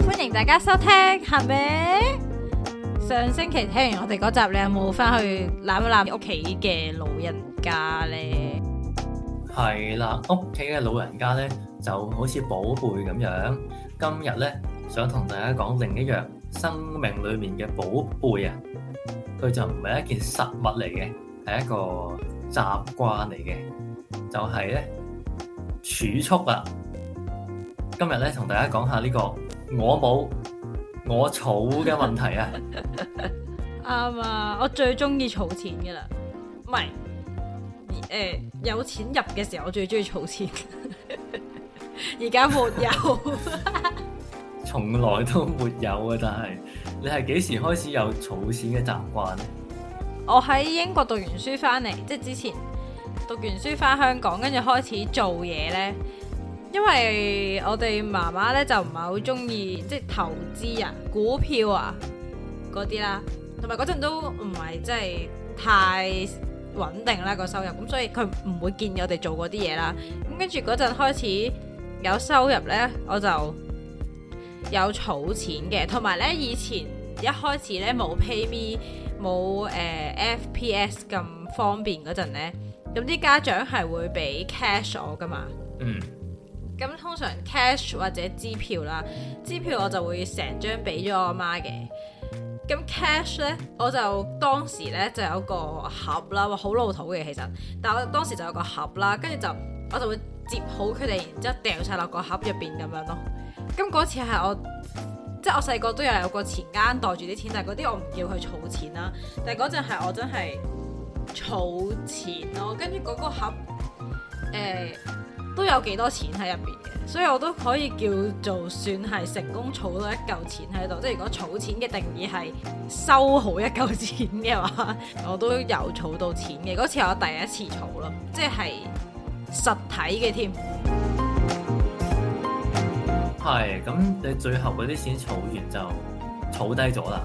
歡迎大家收聽合美。上星期聽完我哋嗰集，你有冇翻去攬一攬屋企嘅老人家咧？係啦，屋企嘅老人家咧就好似寶貝咁樣。今日咧想同大家講另一樣生命裏面嘅寶貝啊，佢就唔係一件實物嚟嘅，係一個習慣嚟嘅，就係咧儲蓄啊。今日咧，同大家講下呢、這個我冇我儲嘅問題啊！啱 啊，我最中意儲錢嘅啦，唔係誒，有錢入嘅時候我最中意儲錢，而 家冇，從 來都冇啊！但係你係幾時開始有儲錢嘅習慣咧？我喺英國讀完書翻嚟，即係之前讀完書翻香港，跟住開始做嘢咧。因為我哋媽媽咧就唔係好中意即係投資啊、股票啊嗰啲啦，同埋嗰陣都唔係真係太穩定啦個收入，咁所以佢唔會建議我哋做嗰啲嘢啦。咁跟住嗰陣開始有收入咧，我就有儲錢嘅，同埋咧以前一開始咧冇 PayMe 冇誒、呃、FPS 咁方便嗰陣咧，咁啲家長係會俾 cash 我噶嘛，嗯。咁通常 cash 或者支票啦，支票我就會成張俾咗我媽嘅。咁 cash 呢，我就當時呢就有一個盒啦，哇，好老土嘅其實，但係我當時就有個盒啦，跟住就我就會接好佢哋，然之後掉晒落個盒入邊咁樣咯。咁嗰次係我，即係我細個都有有個錢罌袋住啲錢，但係嗰啲我唔叫佢儲錢啦。但係嗰陣係我真係儲錢咯，跟住嗰個盒誒。呃都有幾多錢喺入邊嘅，所以我都可以叫做算係成功儲到一嚿錢喺度。即係如果儲錢嘅定義係收好一嚿錢嘅話，我都有儲到錢嘅。嗰次我第一次儲咯，即係實體嘅添。係，咁你最後嗰啲錢儲完就儲低咗啦，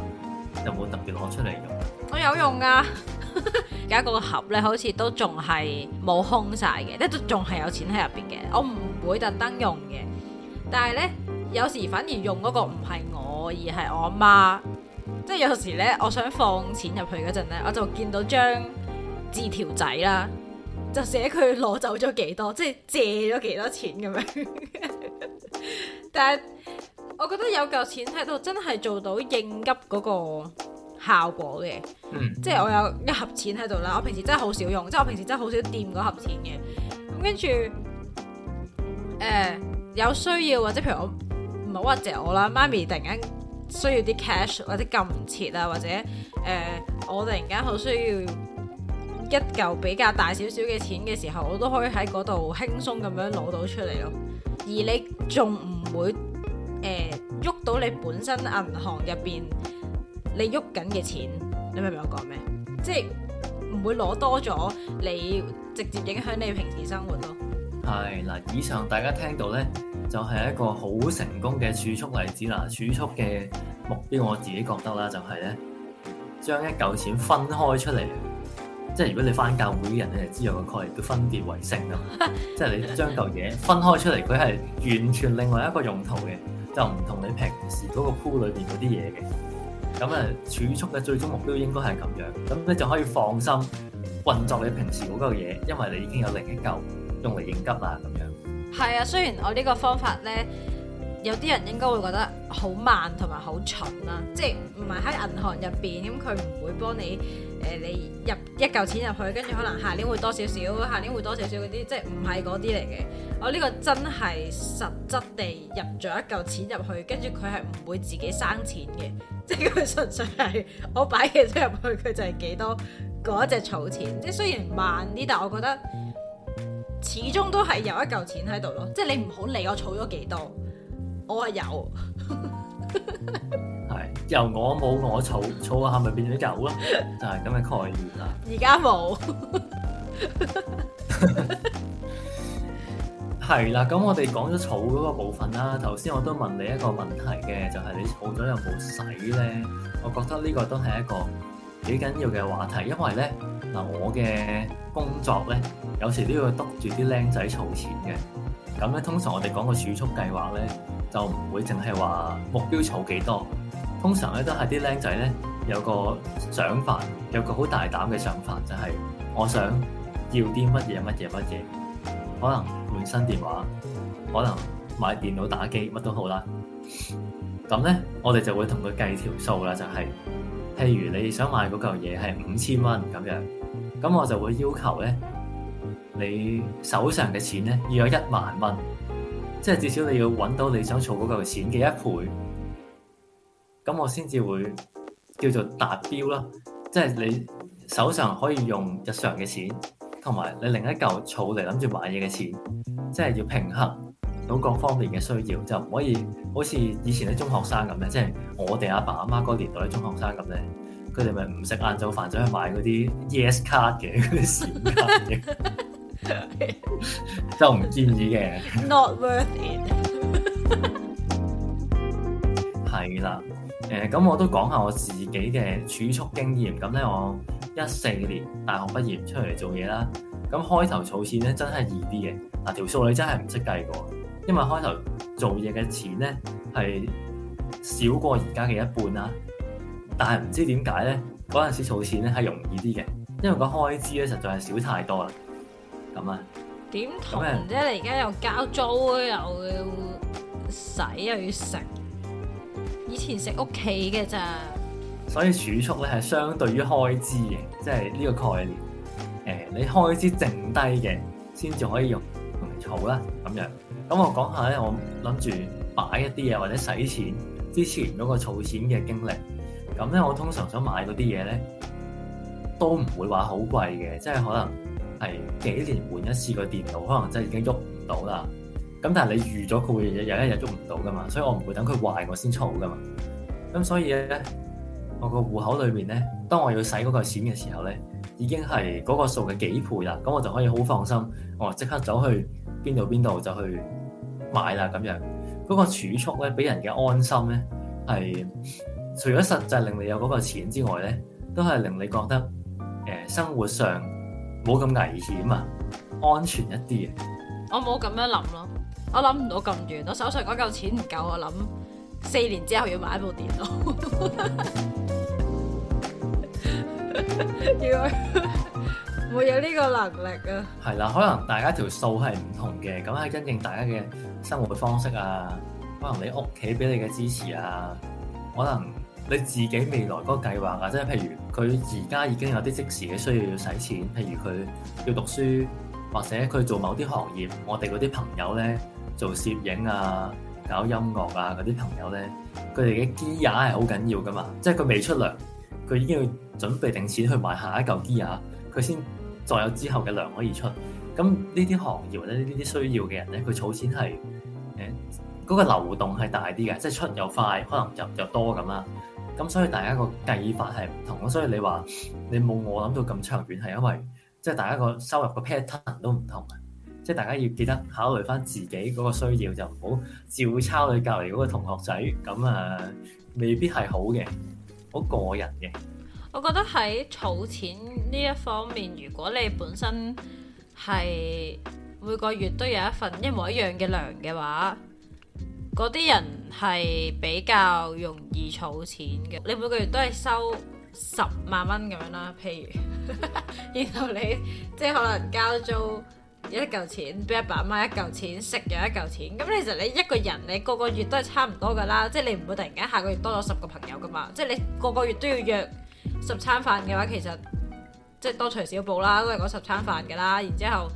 有冇特別攞出嚟用？我有用㗎。 而家嗰個盒咧，好似都仲係冇空晒嘅，即都仲係有錢喺入邊嘅。我唔會特登用嘅，但係呢，有時反而用嗰個唔係我，而係我阿媽。即係有時呢，我想放錢入去嗰陣呢，我就見到張字條仔啦，就寫佢攞走咗幾多，即係借咗幾多錢咁樣。 但係我覺得有嚿錢喺度，真係做到應急嗰、那個，效果嘅，嗯、即係我有一盒錢喺度啦。我平時真係好少用，即係我平時真係好少掂嗰盒錢嘅。咁跟住，誒、呃、有需要或者譬如我唔好話借我啦，媽咪突然間需要啲 cash 或者撳唔切啊，或者誒、呃、我突然間好需要一嚿比較大少少嘅錢嘅時候，我都可以喺嗰度輕鬆咁樣攞到出嚟咯。而你仲唔會誒喐、呃、到你本身銀行入邊。你喐緊嘅錢，你明唔明我講咩？即係唔會攞多咗，你直接影響你平時生活咯。係嗱，以上大家聽到咧，就係一個好成功嘅儲蓄例子啦。儲蓄嘅目標，我自己覺得啦，就係咧，將一嚿錢分開出嚟。即係如果你翻教會啲人你咧，知道個概念叫分別為聖啊。即係 你將嚿嘢分開出嚟，佢係完全另外一個用途嘅，就唔同你平時嗰個鋪裏邊嗰啲嘢嘅。咁啊，儲蓄嘅最終目標應該係咁樣，咁你就可以放心運作你平時嗰個嘢，因為你已經有另一嚿用嚟應急啦咁樣。係啊，雖然我呢個方法咧，有啲人應該會覺得好慢同埋好蠢啦，即係唔係喺銀行入邊咁佢唔會幫你。誒、呃，你入一嚿錢入去，跟住可能下年會多少少，下年會多少少嗰啲，即係唔係嗰啲嚟嘅。我、哦、呢、這個真係實質地入咗一嚿錢入去，跟住佢係唔會自己生錢嘅，即係佢純粹係我擺嘢入去，佢就係幾多嗰隻儲錢。即係雖然慢啲，但係我覺得始終都係有一嚿錢喺度咯。即係你唔好理我儲咗幾多，我話有。 由我冇我儲儲下，係咪變咗狗咯？就係咁嘅概念啦。而家冇係啦。咁 我哋講咗儲嗰個部分啦。頭先我都問你一個問題嘅，就係、是、你儲咗有冇使咧？我覺得呢個都係一個幾緊要嘅話題，因為咧嗱，我嘅工作咧有時都要督住啲靚仔儲錢嘅。咁咧，通常我哋講個儲蓄計劃咧，就唔會淨係話目標儲幾多。通常咧都係啲僆仔咧有個想法，有個好大膽嘅想法，就係我想要啲乜嘢乜嘢乜嘢，可能換新電話，可能買電腦打機，乜都好啦。咁咧，我哋就會同佢計條數啦，就係譬如你想買嗰嚿嘢係五千蚊咁樣，咁我就會要求咧，你手上嘅錢咧要有一萬蚊，即係至少你要揾到你想儲嗰嚿錢嘅一倍。咁我先至會叫做達標啦，即係你手上可以用日常嘅錢，同埋你另一嚿儲嚟諗住買嘢嘅錢，即係要平衡到各方面嘅需要，就唔可以好似以前啲中學生咁樣，即係我哋阿爸阿媽嗰年代中學生咁咧，佢哋咪唔食晏晝飯，就去買嗰啲 Yes 卡嘅嗰啲閃卡嘅，就 唔 建議嘅。 Not worth it 係啦。誒咁，嗯、我都講下我自己嘅儲蓄經驗。咁咧，我一四年大學畢業出嚟做嘢啦。咁開頭儲錢咧，真係易啲嘅。嗱、啊、條數你真係唔識計過，因為開頭做嘢嘅錢咧係少過而家嘅一半啦、啊。但係唔知點解咧，嗰陣時儲錢咧係容易啲嘅，因為個開支咧實在係少太多啦。咁啊，點同啫？嗯、你而家又交租又要使又要食。以前食屋企嘅咋，所以儲蓄咧係相對於開支嘅，即係呢個概念。誒、呃，你開支剩低嘅，先至可以用用嚟儲啦。咁樣，咁我講下咧，我諗住買一啲嘢或者使錢之前嗰個儲錢嘅經歷。咁咧，我通常想買嗰啲嘢咧，都唔會話好貴嘅，即係可能係幾年換一次個電腦，可能真係已經喐唔到啦。咁但係你預咗佢會日日一日捉唔到㗎嘛，所以我唔會等佢壞我先儲㗎嘛。咁所以咧，我個戶口裏面咧，當我要使嗰個錢嘅時候咧，已經係嗰個數嘅幾倍啦。咁我就可以好放心，我即刻走去邊度邊度就去買啦。咁樣嗰、那個儲蓄咧，俾人嘅安心咧，係除咗實際令你有嗰個錢之外咧，都係令你覺得誒、呃、生活上冇咁危險啊，安全一啲嘅。我冇咁樣諗咯。我諗唔到咁遠，我手上嗰嚿錢唔夠，我諗四年之後要買部電腦，如 果 有呢個能力啊，係啦，可能大家條數係唔同嘅，咁係因應大家嘅生活方式啊，可能你屋企俾你嘅支持啊，可能你自己未來嗰個計劃啊，即係譬如佢而家已經有啲即時嘅需要要使錢，譬如佢要讀書，或者佢做某啲行業，我哋嗰啲朋友咧。做攝影啊、搞音樂啊嗰啲朋友咧，佢哋嘅 gear 係好緊要噶嘛，即係佢未出糧，佢已經要準備定錢去買下一嚿 gear，佢先再有之後嘅糧可以出。咁呢啲行業或者呢啲需要嘅人咧，佢儲錢係誒嗰個流動係大啲嘅，即係出又快，可能入又多咁啦。咁所以大家個計法係唔同咯。所以你話你冇我諗到咁長遠，係因為即係、就是、大家個收入個 pattern 都唔同啊。即係大家要記得考慮翻自己嗰個需要，就唔好照抄你隔離嗰個同學仔咁啊，未必係好嘅，好個人嘅。我覺得喺儲錢呢一方面，如果你本身係每個月都有一份一模一樣嘅糧嘅話，嗰啲人係比較容易儲錢嘅。你每個月都係收十萬蚊咁樣啦，譬如，然後你即係可能交租。一嚿錢俾阿爸阿媽，一嚿錢食藥，一嚿錢咁，其實你一個人，你個個月都係差唔多㗎啦。即係你唔會突然間下個月多咗十個朋友㗎嘛。即係你個個月都要約十餐飯嘅話，其實即係多除少補啦。都係講十餐飯㗎啦。然之後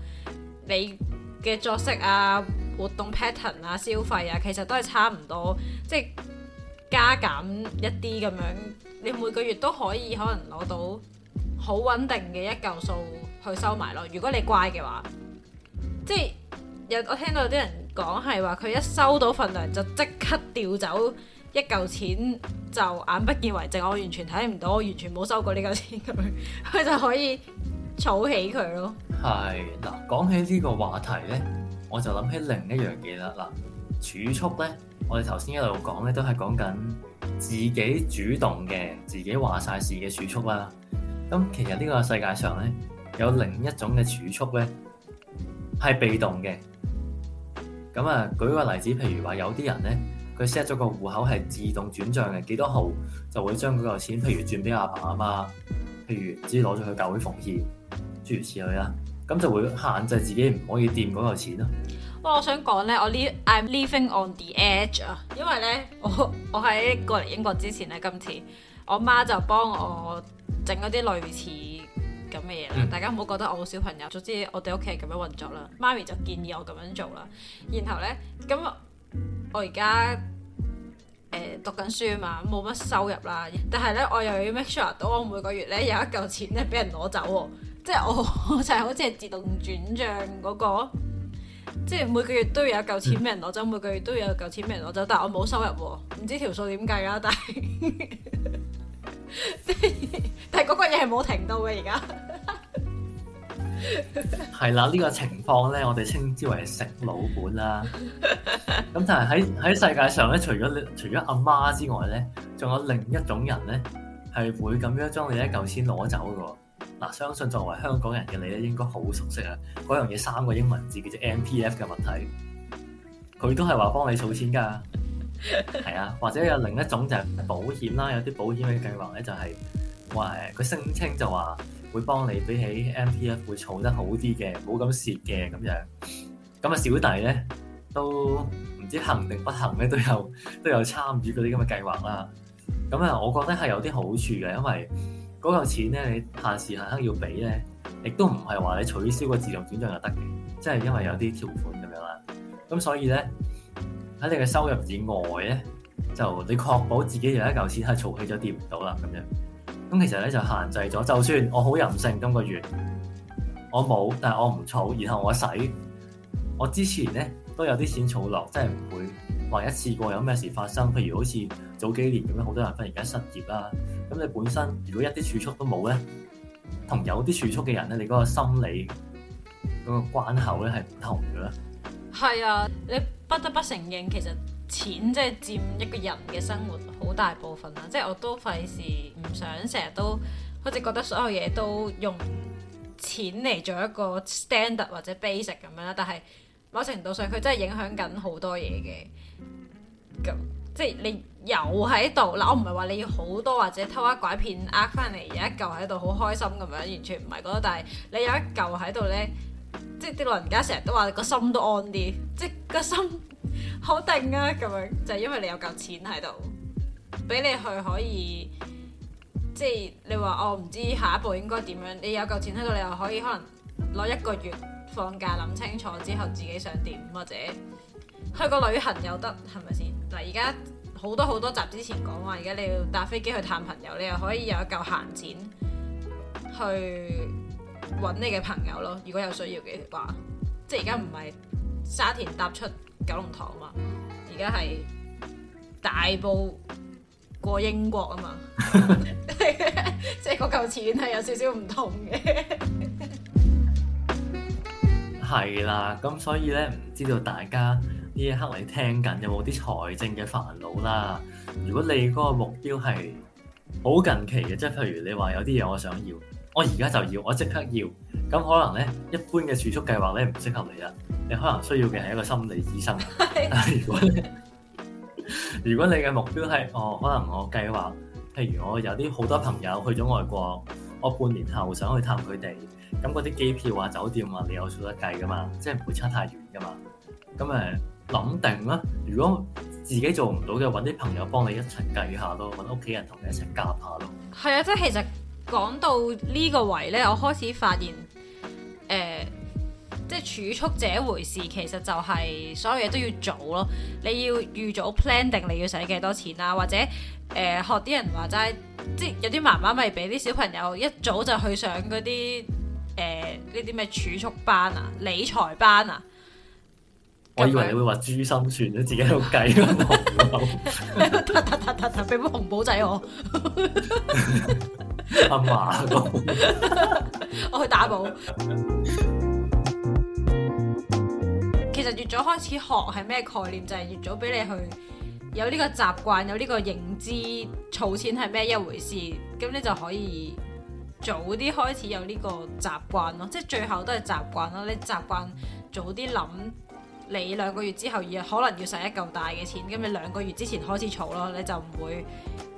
你嘅作息啊、活動 pattern 啊、消費啊，其實都係差唔多，即係加減一啲咁樣。你每個月都可以可能攞到好穩定嘅一嚿數去收埋咯。如果你乖嘅話。即係有我聽到有啲人講係話佢一收到份糧就即刻掉走一嚿錢，就眼不見為淨，我完全睇唔到，我完全冇收過呢嚿錢，咁佢就可以儲起佢咯。係。嗱，講起呢個話題咧，我就諗起另一樣嘢啦。嗱，儲蓄咧，我哋頭先一路講咧都係講緊自己主動嘅、自己話晒事嘅儲蓄啦。咁其實呢個世界上咧有另一種嘅儲蓄咧。係被動嘅，咁啊舉個例子，譬如話有啲人咧，佢 set 咗個戶口係自動轉賬嘅，幾多號就會將嗰嚿錢，譬如轉俾阿爸阿媽，譬如直接攞咗去教會奉獻，諸如此類啦，咁就會限制自己唔可以掂嗰嚿錢咯。哇！我想講咧，我呢 I'm leaving on the edge 啊，因為咧我我喺過嚟英國之前咧，今次我媽就幫我整一啲類似。咁嘅嘢啦，嗯、大家唔好覺得我好小朋友。總之我哋屋企係咁樣運作啦，媽咪就建議我咁樣做啦。然後呢，咁我而家誒讀緊書啊嘛，冇乜收入啦。但係呢，我又要 make sure 到我每個月呢有一嚿錢呢俾人攞走。哦，即係我，我就係好似係自動轉賬嗰個，即係每個月都有一嚿錢俾人攞走，嗯、每個月都有一嚿錢俾人攞走，但係我冇收入。哦，唔知條數點計啦。但係 但係嗰個嘢係冇停到嘅，而家。係啦，呢、這個情況咧，我哋稱之為食老本啦。咁但係喺喺世界上咧，除咗除咗阿媽之外咧，仲有另一種人咧，係會咁樣將你一嚿錢攞走㗎。嗱、啊，相信作為香港人嘅你咧，應該好熟悉啊。嗰樣嘢三個英文字叫做 MPF 嘅物體，佢都係話幫你儲錢噶。係啊， 或者有另一種就係保險啦，有啲保險嘅計劃咧、就是，就係話佢聲稱就話。會幫你比起 MPF 會儲得好啲嘅，冇咁蝕嘅咁樣。咁啊，小弟咧都唔知行定不行咧，都有都有參與嗰啲咁嘅計劃啦。咁啊，我覺得係有啲好處嘅，因為嗰嚿錢咧你限時限刻要俾咧，亦都唔係話你取消個自動轉帳就得嘅，即係因為有啲條款咁樣啦。咁所以咧喺你嘅收入以外咧，就你確保自己有一嚿錢係儲起咗跌唔到啦咁樣。咁其實咧就限制咗，就算我好任性，今個月我冇，但係我唔儲，然後我使。我之前咧都有啲錢儲落，即係唔會話一次過有咩事發生。譬如好似早幾年咁樣，好多人忽然間失業啦。咁你本身如果一啲儲蓄都冇咧，同有啲儲蓄嘅人咧，你嗰個心理嗰個關口咧係唔同嘅啦。係啊，你不得不承認其實。錢即係佔一個人嘅生活好大部分啦，即係我都費事唔想成日都好似覺得所有嘢都用錢嚟做一個 standard 或者 basic 咁樣啦。但係某程度上佢真係影響緊好多嘢嘅。咁即係你又喺度嗱，我唔係話你要好多或者偷呃拐騙呃翻嚟有一嚿喺度好開心咁樣，完全唔係嗰個。但係你有一嚿喺度呢。即係啲老人家成日都話個心都安啲，即係個心好定啊咁樣，就係因為你有嚿錢喺度，俾你去可以，即係你話我唔知下一步應該點樣？你有嚿錢喺度，你又可以可能攞一個月放假，諗清楚之後自己想點，或者去個旅行有得係咪先？嗱，而家好多好多集之前講話，而家你要搭飛機去探朋友，你又可以有一嚿閒錢去。揾你嘅朋友咯，如果有需要嘅話，即係而家唔係沙田搭出九龍塘嘛，而家係大埔過英國啊嘛， 即係嗰嚿錢係有少少唔同嘅 係啦，咁所以咧，唔知道大家呢一刻嚟聽緊有冇啲財政嘅煩惱啦？如果你嗰個目標係好近期嘅，即係譬如你話有啲嘢我想要。我而家就要，我即刻要，咁可能咧，一般嘅儲蓄計劃咧，唔適合你啦。你可能需要嘅係一個心理醫生。 但係如果咧，如果你嘅目標係，哦，可能我計劃，譬如我有啲好多朋友去咗外國，我半年後想去探佢哋，咁嗰啲機票啊、酒店啊，你有數得計噶嘛？即係唔會差太遠噶嘛？咁誒諗定啦。如果自己做唔到嘅，揾啲朋友幫你一齊計下咯，揾屋企人同你一齊夾下咯。係啊，即係其實。講到呢個位呢，我開始發現，誒、呃，即係儲蓄這回事，其實就係所有嘢都要早咯。你要預早 plan 定你要使幾多錢啦、啊，或者誒、呃、學啲人話齋，即係有啲媽媽咪俾啲小朋友一早就去上嗰啲誒呢啲咩儲蓄班啊、理財班啊。我以為你會話珠心算，啊，自己喺度計得得得得得，俾部 紅寶仔我 ， 阿嫲媽的 我去打保。 其實越早開始學係咩概念，就係、是、越早俾你去有呢個習慣，有呢個認知，儲錢係咩一回事，咁你就可以早啲開始有呢個習慣咯，即係最後都係習慣咯，你習慣早啲諗。你兩個月之後要可能要使一嚿大嘅錢，咁你兩個月之前開始儲咯，你就唔會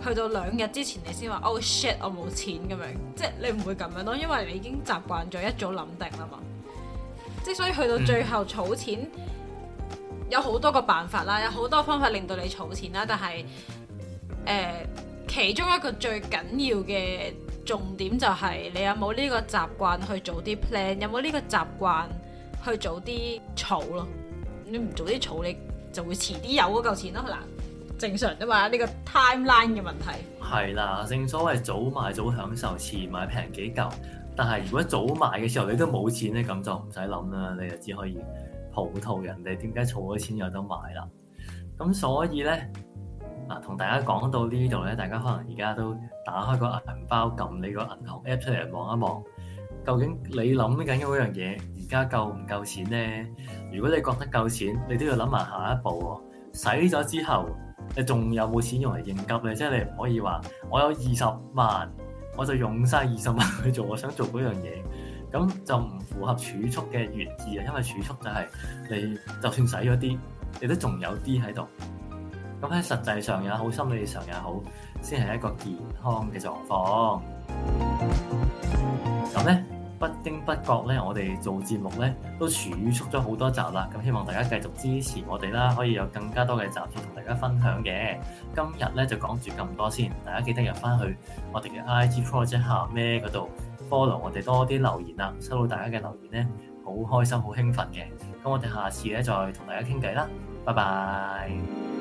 去到兩日之前你先話 oh shit 我冇錢咁樣，即係你唔會咁樣咯，因為你已經習慣咗一早諗定啦嘛。 即所以去到最後儲錢有好多個辦法啦，有好多方法令到你儲錢啦，但係誒、呃、其中一個最緊要嘅重點就係、是、你有冇呢個習慣去做啲 plan，有冇呢個習慣去早啲儲咯。你唔早啲儲，你就會遲啲有嗰嚿錢咯。嗱，正常啫嘛，呢、這個 timeline 嘅問題。係啦，正所謂早買早享受，遲買平幾嚿。但係如果早買嘅時候你都冇錢咧，咁就唔使諗啦。你就只可以葡萄人哋點解儲咗錢又得買啦。咁所以咧，嗱、啊，同大家講到呢度咧，大家可能而家都打開個銀包，撳你個銀行 app 出嚟望一望，究竟你諗緊嗰樣嘢。而家夠唔夠錢呢？如果你覺得夠錢，你都要諗埋下一步喎。使咗之後，你仲有冇錢用嚟應急咧？即係你唔可以話我有二十萬，我就用晒二十萬去做我想做嗰樣嘢。咁就唔符合儲蓄嘅原意啊！因為儲蓄就係你就算使咗啲，你都仲有啲喺度。咁喺實際上也好，心理上也好，先係一個健康嘅狀況。咁呢。不經不覺咧，我哋做節目咧都儲蓄咗好多集啦。咁希望大家繼續支持我哋啦，可以有更加多嘅集節同大家分享嘅。今日咧就講住咁多先，大家記得入翻去我哋嘅 IG project 咩嗰度 follow 我哋多啲留言啦，收到大家嘅留言咧，好開心、好興奮嘅。咁我哋下次咧再同大家傾偈啦，拜拜。